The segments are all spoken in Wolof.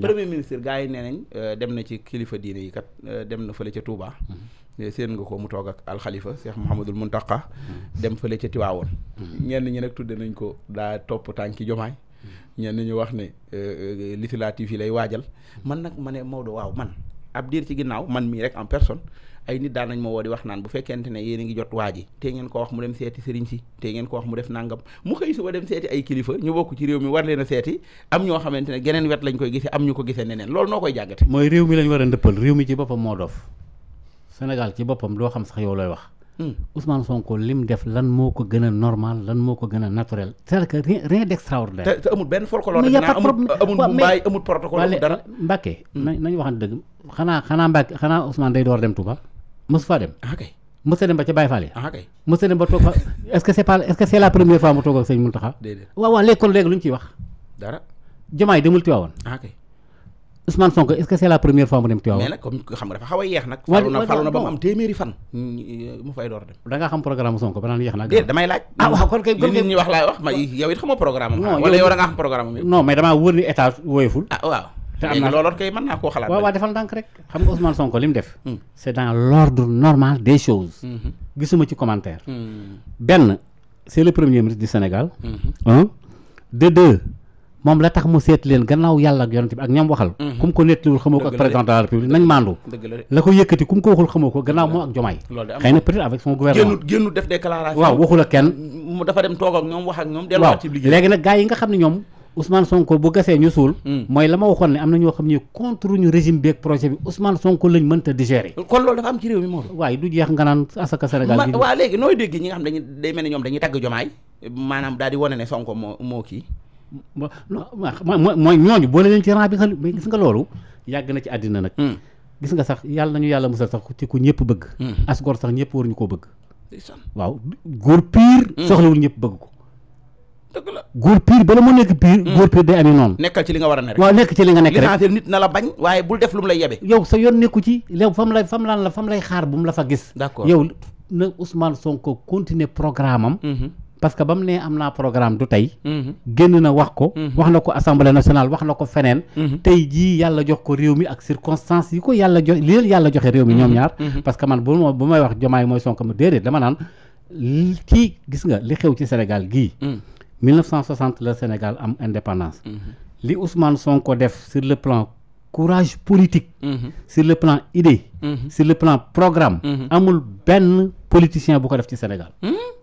premier ministre gars yi nee nañ euh, dem na ci kilifa diine yi kat euh, dem na fële ca Touba. Mm-hmm. Euh, seen nga ko mu toog ak alxalifa Cheikh Mouhamadul Muntaqa mm-hmm. dem fële ca Tiwaawoon. Mm-hmm. ñenn ñi nag tudde nañ ko daa topp tànki jomaay. ñenn ñu wax ne législative yi lay waajal. man nag ma ne Maodo waaw man ab diir ci ginnaaw man mii rek en personne. ay nit daan nañ ma woo di wax naan bu fekkente ne yéen a ngi jot waa ji tee ngeen ko wax mu dem seeti sëriñ si tee ngeen ko wax mu def nangam mu xëy suba dem seeti ay kilifa ñu bokk ci réew mi war leen a seeti am ñoo xamante ne geneen wet lañ koy gise am ñu ko gisee neneen loolu noo koy jàggate mooy réew mi lañ war a ndëppal réew mi ci boppam moo dof Sénégal ci boppam doo xam sax yow looy wax hmm. Ousmane Sonko lim def lan moo ko gën a normal lan moo ko gën a naturel c'est-à-dire que rien rien d'extraordinaire te amul benn folklore amul Mumbaay amul protocole dara Mbacke hmm. nañ nañ waxante dëgg xanaa xanaa Mbacke xanaa Ousmane day door dem Touba mosu faa dem. ah kay mos a dem ba ca Baye Fall. ah kay mos a dem ba toog fa est-ce que c'est pas est-ce que c'est la première fois mu toog ak sëñ Mountakha. déedéet waaw waaw léegi kon léegi lu ñu ciy wax. dara Diomaye demul ah, dem a yeex na mu am fay door dem. da xam programme Sonko ba naan yeex nag. déedéet damay laaj. ah waaw kon kay li nit ñi wax laay wax ma yow it xamoo programme am. non yow wala xam programme am. non mais damaa wóor ni état wóoyeful. Ah, te am na looloot kay mën naa koo xalaat. waaw waaw defal ndànk rek xam nga Ousmane Sonko li mu def. Hmm. c' est dans l' ordre normal des choses. Hmm. gisuma ci commentaire. Hmm. benn c' est le premier ministre du Sénégal. un de deux moom la tax mu seet leen gannaaw yàlla ak yonent bi ak ñam waxal. ku mu ko nettaliwul xamoo ko ak président de la république nañ maandu. la ko yëkkati ku mu ko waxul xamoo ko gannaaw moom ak jomaay. xëy na avec son gouvernement. génnu def déclaration. waaw waaw ne ñoom Ousmane Sonko bu gasee ñu suul. Hmm. mooy la ma waxoon ne am na ñoo xam ne contre ñu régime beeg projet bi Ousmane Sonko lañ mënta digérer. kon loolu dafa am ci réew mi moom. waaye du jeex nga naan asaka Sénégal. ma waaw léegi nooy dégg ñi nga xam dañuy day mel ni ñoom daal di wane ne Sonko moo moo kii. ma ma mooy ñooñu boole leen ci rang bi xel mais gis nga loolu yàgg na ci àddina nag. Hmm. gis nga sax yàlla nañu yàlla musal sax ci ku ñëpp bëgg. Hmm. asgor sax ñëpp ñu ko bëgg. waaw góor pire. soxlawul ñëpp bëgg ko dëgg la góor piir bala mu nekk piir hmm. góor piir day amee nekkal ci li nga war a ne nekk ci li nga nekk rek nit na la bañ waaye bul def lu mu lay yebe yow sa yoon nekku ci léew fam lay fam laan lay xaar bu mu la fa gis hmm. hmm. yàlla jox ko réew mi ak circonstances yi ko yàlla jox li yàlla joxe réew mi ñoom ñaar parce man bu ma bu may wax jomaay mooy Sonko ma déedéet dama naan kii gis nga li xew ci Sénégal gii 1960 la Sénégal am indépendance. Mm-hmm. li Ousmane Sonko def sur le plan courage politique. Mm-hmm. sur le plan idée. Mm-hmm. sur le plan programme. amul benn politicien bu ko def ci Sénégal.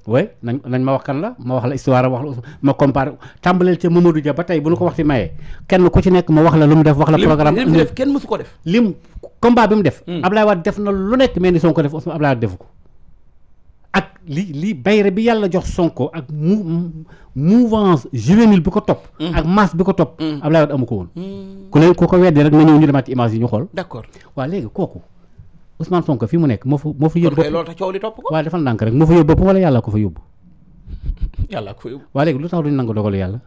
oui nañ nañ ma wax kan la ma wax la histoire wax la ma comparé tàmbaleel ca Mamadou Dia ba tey bu nu ko wax maye kenn ku ci nekk ma wax la lu mu def wax la. programme lim def kenn mësu ko def. lim combat bi mu def. Mm. Ablaye Wade def na lu nekk mais ni Sonko def Ablaye Wade defu ko. ak li li bayre bi yàlla jox Sonko ak mou mouvance juvénile bi ko topp. Mm. ak masse bi ko topp. Mm. Abdoulaye Wade amu ko woon. Mm. ku ne ku ko weddee rek na ñëw ñu demaat ci image yi ñu xool. d'accord waaw léegi kooku Ousmane Sonko fi mu nekk moo fu moo fa. yóbbu bopp loolu topp ko. waaw defal ndànk rek moo fa yóbbu bopp wala yàlla ko fa yóbbu. yàlla ko fa yóbbu. léegi lu tax duñ nangu dogalu yàlla.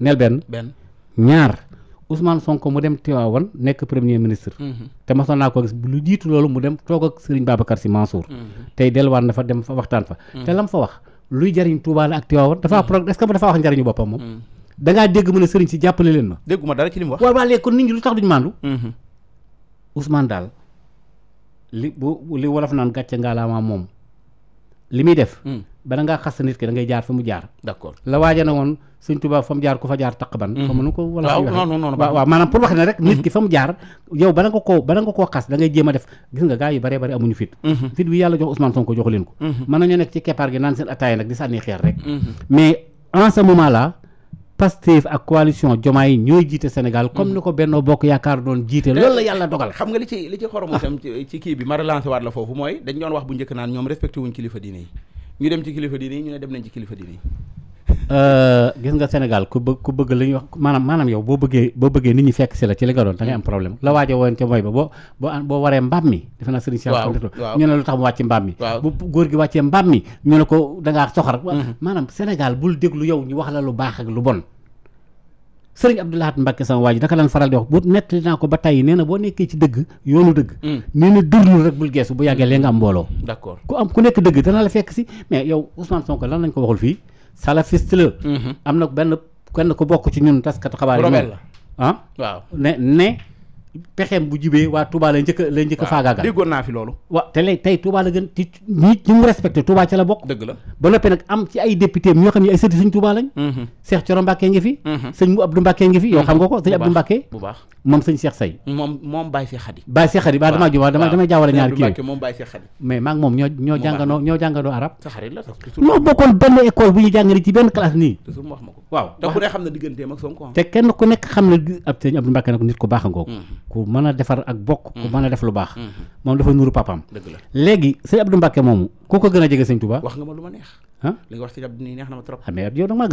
neel benn benn ñaar. Ousmane Sonko mu dem Tiwaawan nekk premier ministre. Mhm. te masoon naa ko gis lu jiitu loolu mu dem toog ak Serigne Babacar Sy Mansour. Mhm. tey delluwaat na dem fa waxtaan fa. Mhm. te lam fa wax luy jariñ Touba la ak Tiwaawan dafa pro est-ce que dafa wax njariñu boppam moom. da ngaa dégg mu ne Serigne si jàppale leen ma. dégguma dara ci li mu wax. waaw waaw léegi kon nit ñi lu tax duñu maandu. Ousmane daal li bu li wolof naan gàcce ngaalaama moom li muy def. Mm. bala ngaa xas nit ki da ngay jaar fa mu jaar la waaja na woon suñ tubaab fa mu jaar ku fa jaar taq ban mm-hmm. fa mënu ko wala waaw maanaam pour wax ne rek nit ki mm-hmm. fa mu jaar yow bala nga koo bala nga koo xas da jéem a def gis nga gaa yu baree bari amuñu fit mm-hmm. fit bi yàlla jox Ousmane Sonko joxu leen ko mën nañu nekk ci keppaar gi naan seen attaay nag di sànni xeer rek mais en ce moment ak coalition Jomaay ñooy jiite Sénégal comme ni ñu dem ci kilifa diine ñu ne dem nañ ci kilifa diine yi euh, gis nga Sénégal ku bëgg ku bëgg li ñuy wax maanaam maanaam yow boo bëggee boo bëggee nit ñi fekk si la ci li nga doon da ngay am problème la waajo woon ca mooy ba boo boo boo waree mbaam mi defe naa sëriñ Cheikh ñu ne lu tax mu wàcc mbaam mi bu góor gi wàccee mbaam mi ñu ne ko da ngaa soxar mm-hmm. maanaam Sénégal bul déglu yow ñu wax la lu baax ak lu bon sëriñ Abdou Lahad Mbacke sama waa ji naka lan faral di wax bu nettali naa ko ba tey nee boo nekkee ci dëgg yoonu dëgg hmm. nee dërlu rek bul geesu bu yàggee lee nga am mbooloo d'accord ku am ku nekk dëgg dana la fekk si mais yow Ousmane Sonko lan lañ ko waxul fii salafiste la hmm. am na benn kenn ko bokk ci ñun taskatu xabaar yi ah waaw ne ne pexeem bu jibee waa Touba lay njëkk lay njëkk a faagaagal déggoon naa fi loolu waaw te lay tey Touba la gën ci la ba noppi nag am ci ay député ñoo xam ne ay sëti sëñ Touba lañ Cheikh Thioro Mbacké ko baax moom ba damaa jubal dama damay jaawale ñaari kii moom Baye Cheikh Khady mais maa ngi moom ñoo ñoo jàngandoo ñoo jàngandoo arab a ku mën a defar ak bokk ku mm-hmm. mën a def lu baax mm-hmm. moom dafa nuru papaam dëgg la léegi sëñ Abdou Mbacke moomu ku ko gën a jege sëñ Touba wax nga ma lu ma neex ah na ma trop ah, a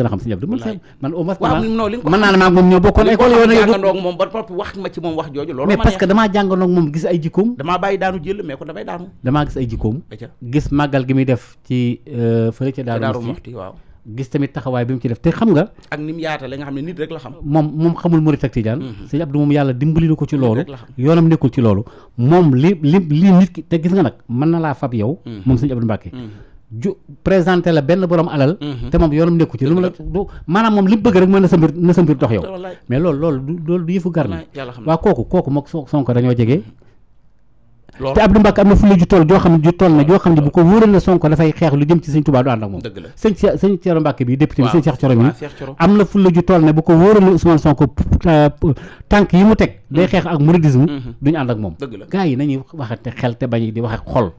xam sëñ Abdou man man au moins mën naa ne maa moom ñoo bokkoon école yow jàngandoog moom ba topp wax ma ci moom wax jooju loolu mais parce que damaa jàngandoog moom gis ay jikkoom damaa bàyyi daanu jël mais ko damay daanu damaa gis ay jikkoom gis màggal gi muy def ci euh, fële ca Daaru Muxti waaw gis tamit taxawaay bi mu ci def te xam nga. ak ni mu yaatale nga xam ne nit rek la xam. moom moom xamul murit ak tijaan. Mm-hmm. sëñ Abdou moom yàlla dimbali na ko ci loolu. yoonam nekkul ci loolu. moom li li nit ki te gis nga nag mën na laa fab yow. Mm-hmm. moom sëñ Abdou Mbacke. Mm-hmm. ju présenté la benn borom alal. te moom yoonam nekku ci lu mu la du maanaam moom li bëgg rek mooy na sa mbir na sa mbir dox yow. mais loolu loolu du loolu du yëfu gar na. waa kooku kooku moog Sonko dañoo te Abdou Mbacke am na fu la ju toll joo xam ne ju toll na joo xam ne bu ko wóoral Sonko dafay xeex lu jëm ci sëñ Touba du ànd ak moom sëñ sëñ Thioro Mbacke bi euh, yi mu teg day mm-hmm. xeex ak mouridisme mm-hmm. duñu ànd ak moom gars yi nañuy waxate xel te bañ di wax ak xol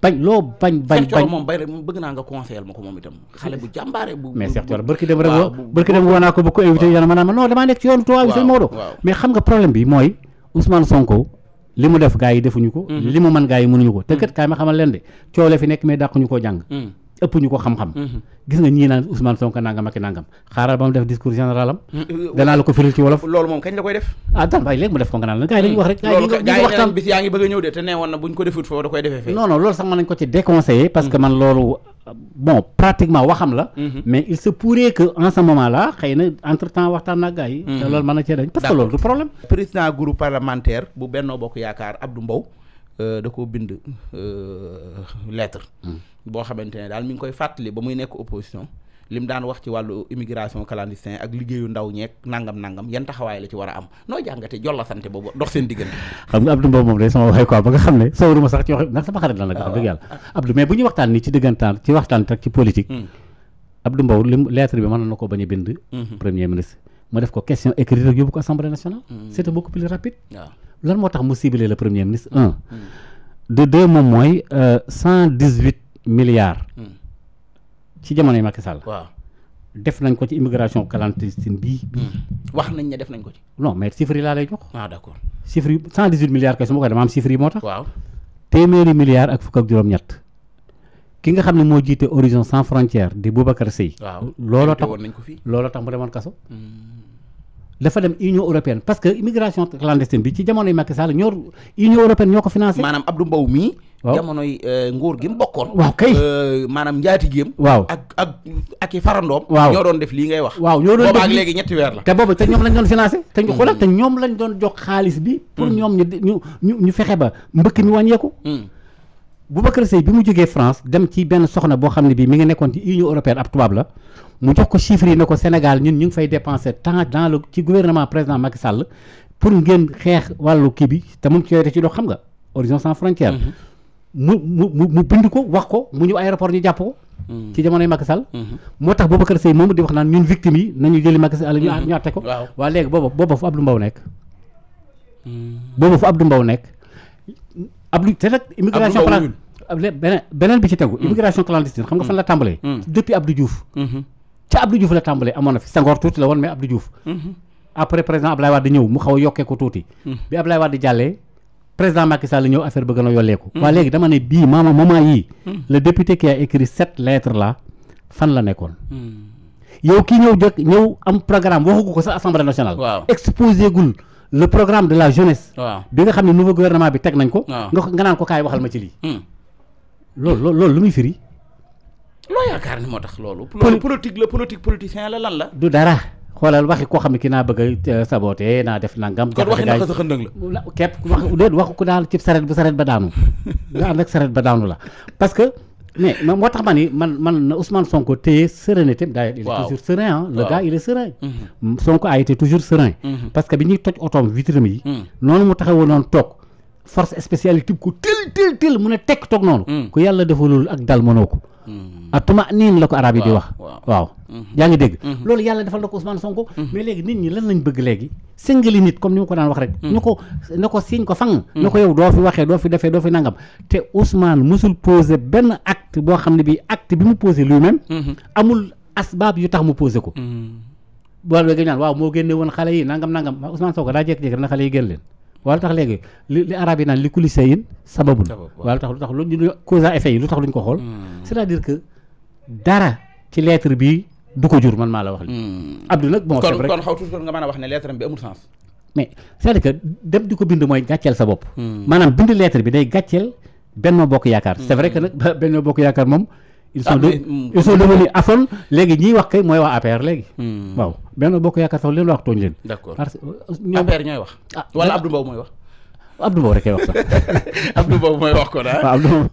bañ loo bañ bañ bañ moom bay rek bëgg naa nga conseiller ma ko moom itam xale bu jàmbaare bu mais Cheikh Thioro barki dem rek woo barki damaa nekk ci yoonu Touba bi sëñ Maodo mais xam nga problème bi mooy Ousmane Sonko li mu def gaa yi defuñu ko. Mhm. li mu mën gaa yi mënuñu ko. te mhm. kat kaay ma xamal leen de coow la fi nekk mais dàquñu koo jàng. Mhm. ëpp ñu ko xam-xam mhm. gis nga ñii naan Ousmane Sonko nangam ak nangam xaaral ba mu def discours général mhm. danaa la ko firil ci wolof loolu moom kañ la koy def ah daan waaye ko nga naan wax rek a ñëw de te nee woon loolu mhm. man loolu bon parce que loolu du problème président groupe parlementaire bu Benno Bokk Yaakaar Abdou Mbow Euh, da koo bind euh, lettre. Hmm. boo xamante ne daal mi koy fàttali ba muy nekk opposition lim daan wax ci wàllu immigration clandestin ak liggéeyu ndaw ñeeg nangam nangam yan taxawaay la ci war a am noo jàngate jolla sante boobu dox seen diggante. xam nga Abdou Mbow moom day sama waxee quoi ba nga xam ne sawaruma sax ci wax nag sama xarit la nag. wax dëgg yàlla ah, ah. Abdou mais bu hmm. lim lettre bi mën na ko bañ a bind. Hmm. premier ministre. ma def ko question écrite yóbbu ko assemblée lan moo tax mu ciblé la premier ministre un de deux moom mooy euh, cent dix huit milliards mm. ci jamono yi Macky Sall waaw def nañ ko ci immigration clandestine bii mm. wax nañ ne def nañ ko ci non mais chiffres yi laa lay jox ah d'accord chiffres yi cent dix huit milliards kay su ma koy dama am chiffres yi moo tax waaw téeméeri milliards ak fukk ak juróom-ñett ki nga xam ne moo jiite horizon sans frontière di Boubacar Seye waaw looloo tax looloo tax mu demoon kaso mm. dafa dem union européenne parce que immigration clandestine bi ci jamonoy Macky Sall ñor union européenne ñoo ko financé. maanaam Abdou Mbow mii. jamonoy euh, nguur gi mu bokkoon. waaw kay euh, maanaam njaati géem. waaw ak ak ak i farandoom. waaw ñoo doon def lii ngay wax. waaw ñoo doon def boobaag léegi ñetti weer la. te boobu te ñoom lañ doon financé. te ñu mm. xoolal te ñoom lañ doon jox xaalis bi. pour mm. ñoom ñu ñu ñu fexe ba mbëkk mi wàññeeku. Mm. Boubacar Seye bi mu jógee France dem ci benn soxna boo xam ne bii mi ngi nekkoon ci Union européenne ab tubaab la mu jox ko chiffres yi ne ko Sénégal ñun ñu ngi fay dépenser tant dans le ci guvernement président Macky Sall pour ngeen xeex wàllu kii bi te moom ci yooyu ci dox xam nga Horizon sans frontières. Mm-hmm. mu mu mu mu bind ko wax ko mu ñëw aéroport ñu jàpp ko. Mm-hmm. ci jamonoy Macky mm-hmm. moo tax Boubacar Seye moomu di wax naan ñun victimes yi nañu jëli Macky Sall ñu ñu àtte ko. waaw waaw léegi booba booba fu Abdou Mbow nekk. booba fu Abdou nekk. Abdou te nag beneen beneen bi ci tegu. Hmm. immigration clandestine xam nga fan la hmm. tàmbalee. Hmm. depuis Abdou Diouf. ca Abdou Diouf la tàmbalee amoon na fi Senghor tuuti la woon mais Abdou Diouf. après président Abdoulaye Wade ñëw mu xaw a yokkee ko tuuti. bi Abdoulaye Wade jàllee président Macky Sall ñëw affaire ba gën a yolleeku. waaye léegi dama ne bii maama moment yii. le député qui a écrit fan la nekkoon. yow kii ñëw jëkk ñëw am programme waxugu ko sax assemblée nationale. waaw gul. la jeunesse. loolu loolu loolu lu muy firi. loo yaakaar ni moo tax loolu. loolu politique la politique politicien la lan la. du dara xoolal waxi koo xam ne ki naa bëgg a euh, saboté naa def nangam. kon waxi naka sa xëndëng la. képp wax déet waxu ku daal cib sareet bu sareet ba daanu nga ànd ak sareet ba daanu la parce que. mais man moo tax ma ni man man na Ousmane Sonko téye sérénité am. il est toujours serein ah. le gars il est serein. Mhm. Sonko a été toujours serein. Mhm. parce que bi ñuy toj otoom vitre yi. Mhm. noonu mu taxawoon noonu force spéciale tib ko tël tël tël mun a tekk toog noonu hmm. ku yàlla defalul ak dal mënoo ko hmm. atuma niin la ko arab yi di wax waaw hmm. yaa ngi dégg loolu yàlla defal na ko Ousmane Sonko mais léegi nit ñi lan lañ bëgg léegi sëngali nit comme ni ma ko daan wax rek ko ko siiñ ko ko yow doo fi waxee doo fi defee doo fi nangam te Ousmane mosul posé benn acte boo xam ne bi acte bi mu posé lui-même amul asbaab yu tax mu posé ko moo génne woon xale yi nangam nangam Ousmane Sonko daa jékki-jékki dana xale yi génn leen waaw lu tax léegi li li arab yi naan li kulise yin sababun waaw lu tax lu tax lu ñu cause à effet yi lu tax lu ñu ko xool hmm. c'est-à-dire que dara ci lettre bi du ko jur man maa la wax li hmm. Abdou nag bon kon kon xaw tuuti kon nga man a wax ne lettre bi amul sens mais c'est-à-dire que dem di ko bind mooy gàcceel sa bopp hmm. maanaam bind lettre bi day gàcceel Benno Bokk Yaakaar c'est vrai que nag Benno Bokk Yaakaar moom ils ah, sont mm, ils sont devenus afol léegi ñiy wax kay mooy waa APR léegi. Hmm. waaw benn bokk yaakaar sax leen wax tooñ leen. d'accord parce que euh, APR ñooy wax. ah wala Abdou mooy wax. Abdou Mbow rek kay wax sax. Abdou Mbow mooy wax ko daal. Ah. waaw Abdou